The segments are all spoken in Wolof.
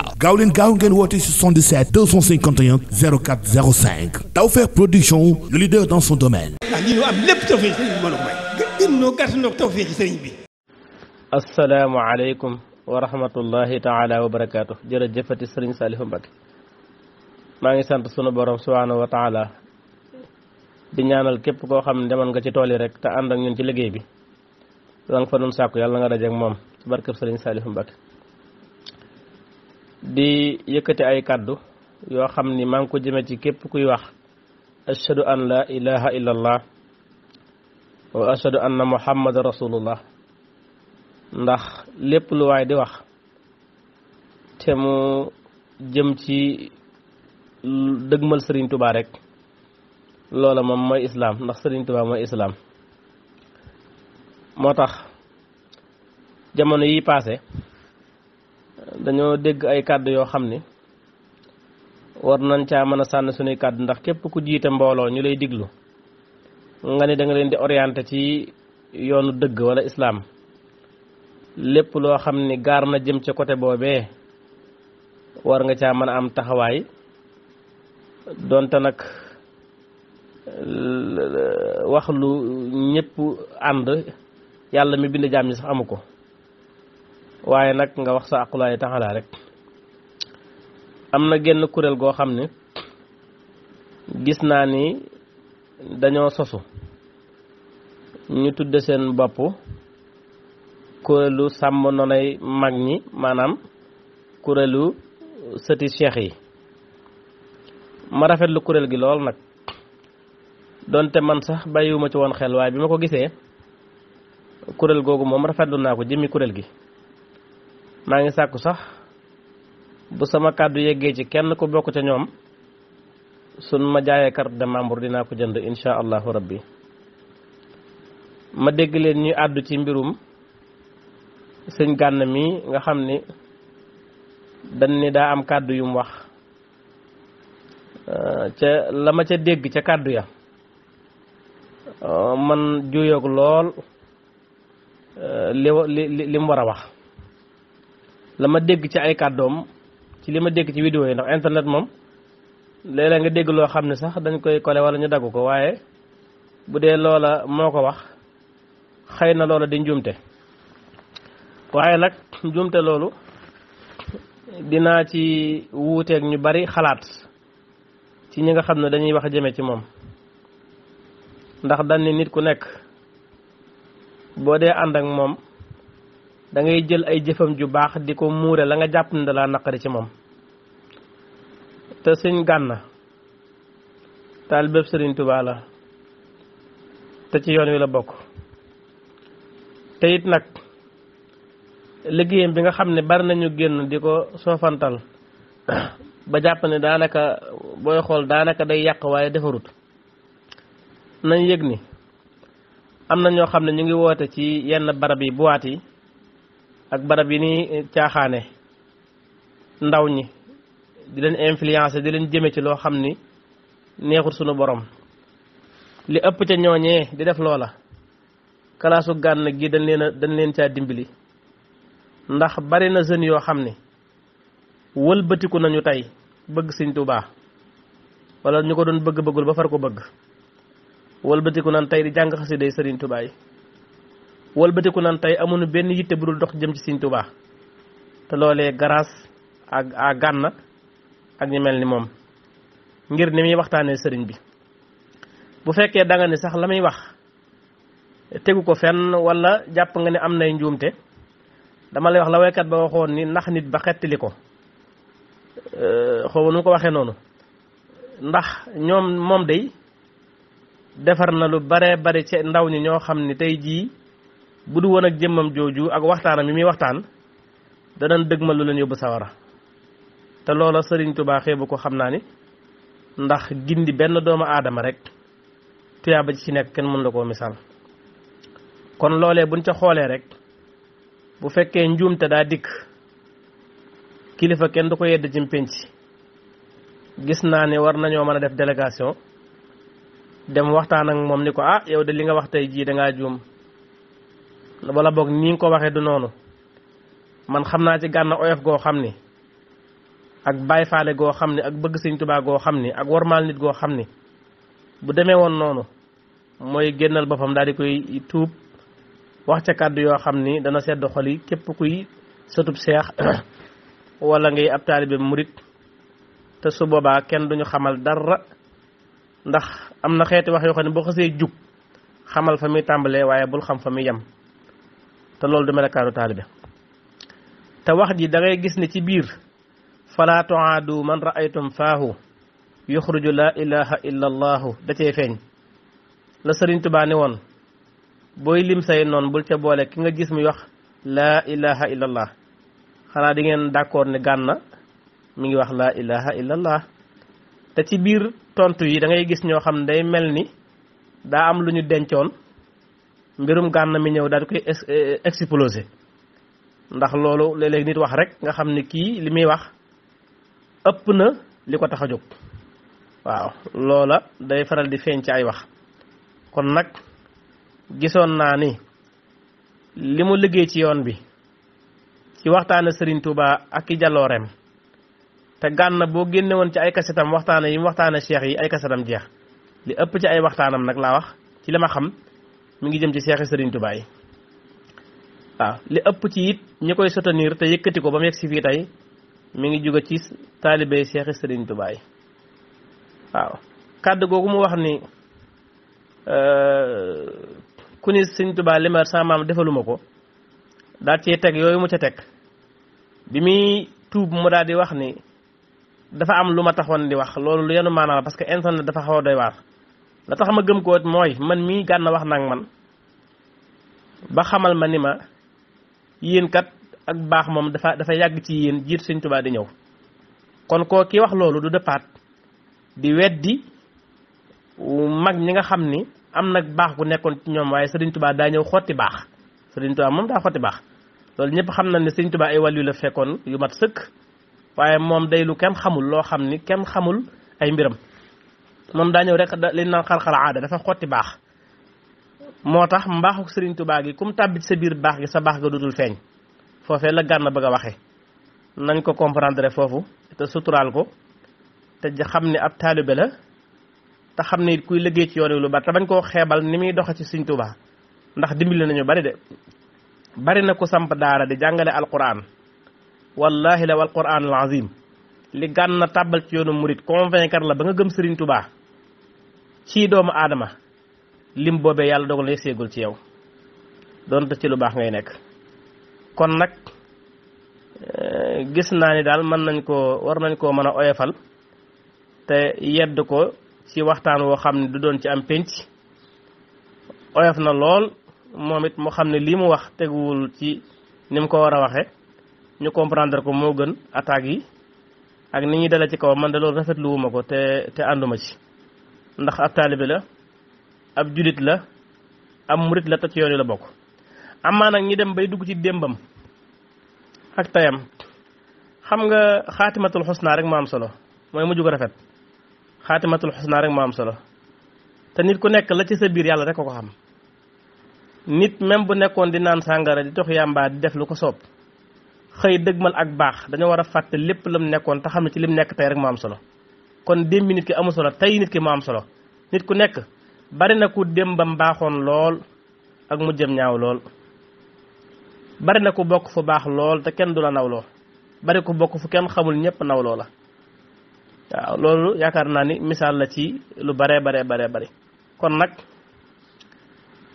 waaw gaaw gaaw ngeen woote 77 251 04 05 Tawfekh Production le leader dans son domaine. ah lii ñu am lépp tawfeex sëriñ a may. gën sëriñ bi. asalaamaaleykum wa rahmatullahi taala wa barakaatu jërëjëfati sëriñ Saliou Mbacké maa ngi sant sunu borom subhaanahu wa taala di ñaanal képp koo xam ne demoon nga ci tool yi rek te ànd ak ñun ci liggéey bi la nga fa doon sàkku yàlla nga dajeeg moom ci barkeb sëriñ Saliou Mbacké. di yëkkati ay kàddu yoo xam ni maa ngi ko jëme ci képp kuy wax ashhadu an la ilaha illa allah wa ashhadu anna muhammadan rasulullah ndax lépp lu waaye di wax te mu jëm ci dëgmal sëriñ tubaa rekk loola moom mooy islaam ndax sëriñ tubaa mooy islaam moo tax jamono yi paase dañoo dégg ay kàddu yoo xam ne war nañ caa mën a sànn suñuy kàddu ndax képp ku jiite mbooloo ñu lay diglu nga ne da leen di orienté ci yoonu dëgg wala islaam lépp loo xam ni gaar na jëm ca côté boobee war nga caa mën a am taxawaay donte nag wax lu ñëpp ànd yàlla mi bind jaam ñi sax amu ko waaye nag nga wax sa aqulaay taxalaa rek am na genn kuréel goo xam ne gis naa ni dañoo sosu ñu tudde seen bopp kuréelu sàmm nonay mag ñi maanaam kuréelu sëti cheikh yi ma rafetlu kuréel gi lool nag doonte man sax bàyyiwuma ci woon xel waaye bi ma ko gisee kuréel googu moom rafetlu naa ko jëmmi kuréel gi maa ngi sàkku sax bu sama kàddu yeggee ci kenn ku bokk ca ñoom sun ma jaayee carte de membre dinaa ko jënd insha allahu rabbi ma dégg leen ñuy àddu ci mbirum sëñ gànn mi nga xam ni dañ ni daa am kàddu yu mu wax euh, ca la ma ca dégg ca kàddu ya euh, man juyoog lool euh, li li li mu war a wax la ma dégg ci ay kàddoom ci li ma dégg ci vidéo yi ndax internet moom léeg nga dégg loo xam ne sax dañ koy kole wala ñu dagg ko waaye bu dee loola moo ko wax xëy na loola di njuumte waaye nag njuumte loolu dinaa ci wuuteeg ñu bari xalaat ci ñi nga xam ne dañuy wax a jëme ci moom ndax dañ ne nit ku nekk boo dee ànd ak moom da ngay jël ay jëfam ju baax di ko muure la nga jàpp ne dalaa naqari ci moom te sëñ gànna taal sëriñ Tuubaa la te ci yoon wi la bokk te nag liggéeyam bi nga xam ne bari nañu génn di ko soofantal ba jàpp ne daanaka booy xool daanaka day yàq waaye defarut nañ yëg ni am na ñoo xam ne ñu ngi woote ci yenn barab yi buwaat yi ak barab yi ni caaxaane ndaw ñi di leen influencer di leen jëme ci loo xam ni neexut sunu borom li ëpp ca ñooñee di def loola kalaasu gànn gi dañ leen dañ leen caa dimbali ndax bari na jeunes yoo xam ne wëlbatiku nañu tey bëgg sëñ Tuubaa wala ñu ko doon bëgg-bëggul ba far ko bëgg wëlbatiku nañ tey di jàng xasida yi sëriñ Tuubaa walbatiku nan tey amuñu benn yitte bu dul dox jëm ci Sëñ Tuubaa te loolee grâce ak à ak ñu mel ni moom ngir ni muy waxtaanee sëriñ bi bu fekkee danga ni sax la muy wax tegu ko fenn walla jàpp nga ne am nay njuumte dama lay wax la waykat ba waxoon ni ndax nit ba xettali ko xaw ma nu ko waxee noonu ndax ñoom moom dey defar na lu bare bare ci ndaw ñi ñoo xam ni tey jii bu du woon ak jëmmam jooju ak waxtaanam yi muy waxtaan danañ dëgmal lu leen yóbbu sawara te loola Sëriñ Tuubaa bu ko xam naa ni ndax gindi benn doomu aadama rek tuyaaba ci nekk kenn mën la koo misaal kon loolee buñ ca xoolee rek bu fekkee njuumte daa dikk kilifa kenn du ko yedd ci pénc gis naa ne war nañoo mën a def délégation dem waxtaan ak moom ni ko ah yow de li nga wax tey jii dangaa juum wala boog ni nga ko waxee du noonu man xam naa ci gànna oyof goo xam ni ak baay faale goo xam ni ak bëgg sëñ tubaa goo xam ni ak wormaal nit goo xam ni bu demee woon noonu mooy génnal boppam daal di koy tuub wax ca kàddu yoo xam ni dana sedd xol yi képp kuy sëtub seex wala ngay ab taalibe murit te su boobaa kenn duñu xamal dara ndax am na xeeti wax yoo xam ne boo xasee jug xamal fa muy tàmbalee waaye bul xam fa muy yem te loolu du melakaanu taalibe te wax ji da gis ni ci biir fala tuaadu man raaytum faahu yuxruju laa ilaha illa da cee feeñ la sëriñ tubaa ni woon booy lim say noon bul ca boole ki nga gis muy wax laa ilaha illa xanaa di ngeen d'accord ne gànna mi ngi wax laa ilaha illa te ci biir tontu yi dangay gis ñoo xam day mel ni daa am lu ñu dencoon mbirum gànn mi ñëw daal di koy euh, explosé ndax loolu léeg-léeg nit wax rek nga xam ni kii li muy wax ëpp na li ko tax a jóg waaw loola day faral di feeñ ci ay wax kon nag gisoon naa ni li mu liggéey ci yoon bi ci waxtaane Serigne Touba ak i jalooreem te gànn boo génne woon ci ay kasetam waxtaane yi mu waxtaane cheikh yi ay kasetam jeex li ëpp ci ay waxtaanam nag laa wax ci li ma xam mi ngi jëm ci seexi sëriñ Tuubaa yi waaw li ëpp ci it ñi koy soutenir te yëkkati ko ba mu yegg si fii tey mi ngi jóge ci taalibe seexi sëriñ Tuubaa yi waaw kàdd googu mu wax ni ku ni sëriñ Tuubaa li ma sama maam defaluma ko daal cee teg yooyu mu ci teg bi muy tuub mu dal di wax ni dafa am lu ma taxoon di wax loolu lu yenu maanaam parce que instant dafa xaw a doy waar la tax ma gëm koo mooy man mii gànna wax nag man ba xamal ma ni ma yéen ak baax moom dafa dafa yàgg ci yéen jiit sëñ Tuubaa di ñëw kon koo ki wax loolu du dëppaat di weddi mag ñi nga xam ni am nag baax gu nekkoon ci ñoom waaye sëriñ Tuubaa daa ñëw xotti baax sëriñ Tuubaa moom daa xotti baax loolu ñëpp xam na ne sëriñ Tuubaa ay wàllu la fekkoon yu mat sëkk waaye moom day lu kenn xamul loo xam ni kenn xamul ay mbiram moom daa ñëw rek li ñu naan xar aada dafa xotti baax moo tax mbaaxu Sëriñ Tuubaa gi kum tàbbit sa biir baax gi sa baax ga dudul feeñ foofee la gànn bëgg a waxee nañ ko comprendre foofu te suturaal ko te xam ne ab taalibe la te xam ne it kuy liggéey ci yoon lu bari te bañ koo xeebal ni muy doxe ci Sëriñ Tuubaa ndax dimbali nañu bari de bari na ko samp daara di jàngale alquran wallahi la wal quran al azim li gànn tàbbal ci yoonu murit convaincre la ba nga gëm Sëriñ Tuubaa ci doomu aadama lim boobe yàlla dogal na seegul ci yow donte ci lu baax ngay nekk kon nag eh, gis naa ni daal mën nañ koo war nañ koo mën a oyofal te yedd ko ci waxtaan woo xam ne du doon ci am pénc oyof na lool moom it mu xam ne lii mu wax teguwul ci ni mu ko war a waxe ñu comprendre ko moo gën attaques yi ak ni ñuy dala ci kaw man de loolu rafetluwuma ko te te ànduma ci ndax ab taalibe la ab julit la ab murit la te ci yoon yi la bokk amaa nag ñi dem bay dugg ci démbam ak tayam xam nga xaatimatul xusnaa rek moo am solo mooy mujj ko rafet xaatimatul xusnaa rek moo am solo te nit ku nekk la ci sa biir yàlla rek ko xam nit même bu nekkoon di naan sàngara di tox yàmbaa di def lu ko soob xëy dëgmal ak baax dañoo war a fàtte lépp lam nekkoon te xam ne ci lim nekk tey rek moo am solo kon démbi nit ki amul solo tey nit ki moo am solo nit ku nekk bari na ku démbam baaxoon lool ak mu jëm ñaaw lool bari na ku bokk fu baax lool te kenn du la nawloo bari ku bokk fu kenn xamul ñëpp nawloo la waaw loolu yaakaar naa ni misaal la ci lu baree baree baree bari kon nag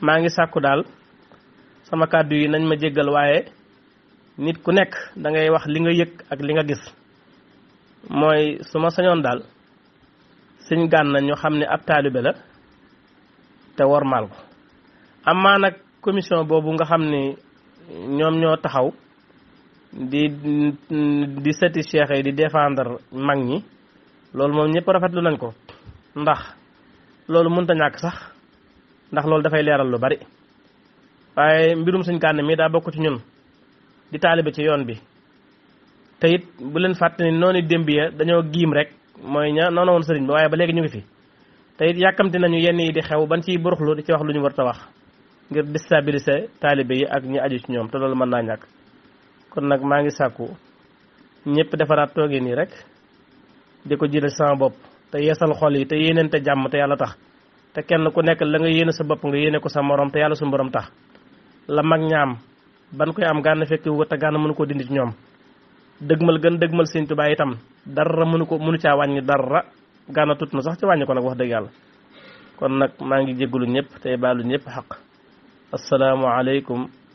maa ngi sàkku daal sama kàddu yi nañ ma jéggal waaye nit ku nekk dangay wax li nga yëg ak li nga gis mooy su ma sañoon daal sëñ Gana ñu xam ne ab taalibe la te wormaal ko amaa nag commission boobu nga xam ni ñoom ñoo taxaw di di seti yi di défendre mag ñi loolu moom ñëpp rafetlu nañ ko ndax loolu mënta ñàkk sax ndax loolu dafay leeral lu bari waaye mbirum sëñ Gana mii daa bokk ci ñun di taalibe ci yoon bi te it bu leen fàtte ni noonu démb ya dañoo giim rek mooy ña noonu woon sëriñ bi waaye ba léegi ñu ngi fi te it yàkkamti nañu yenn yi di xew ban ciy buruxlu di ci wax lu ñu war ta wax ngir déstabiliser taalibe yi ak ñi aju ci ñoom te loolu mën naa ñàkk kon nag maa ngi sàkku ñëpp defaraat toogee nii rek di ko jëlee sama bopp te yeesal xol yi te yéeneente jàmm te yàlla tax te kenn ku nekk la nga yéene sa bopp nga yéene ko sa morom te yàlla suñu morom tax la mag ñaam ban koy am gànn fekk wu te mënu koo dindi ci ñoom dëgmal gën dëgmal sëñ Tuubaa itam dara mënu ko mënu caa wàññi dara gànna tut na sax ci wàññi nag wax dëgg yàlla kon nag maa ngi jégalu ñëpp tey baalu ñëpp xaq asalaamaaleykum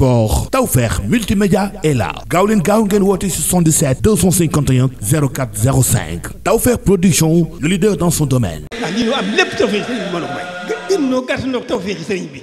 sport Tawfekh multimédia est là gaaw leen gaaw ngeen woote 77 251 04 05 Tawfekh production le leader dans son domaine. ah lii am lépp Tawfekh sëriñ bi bi.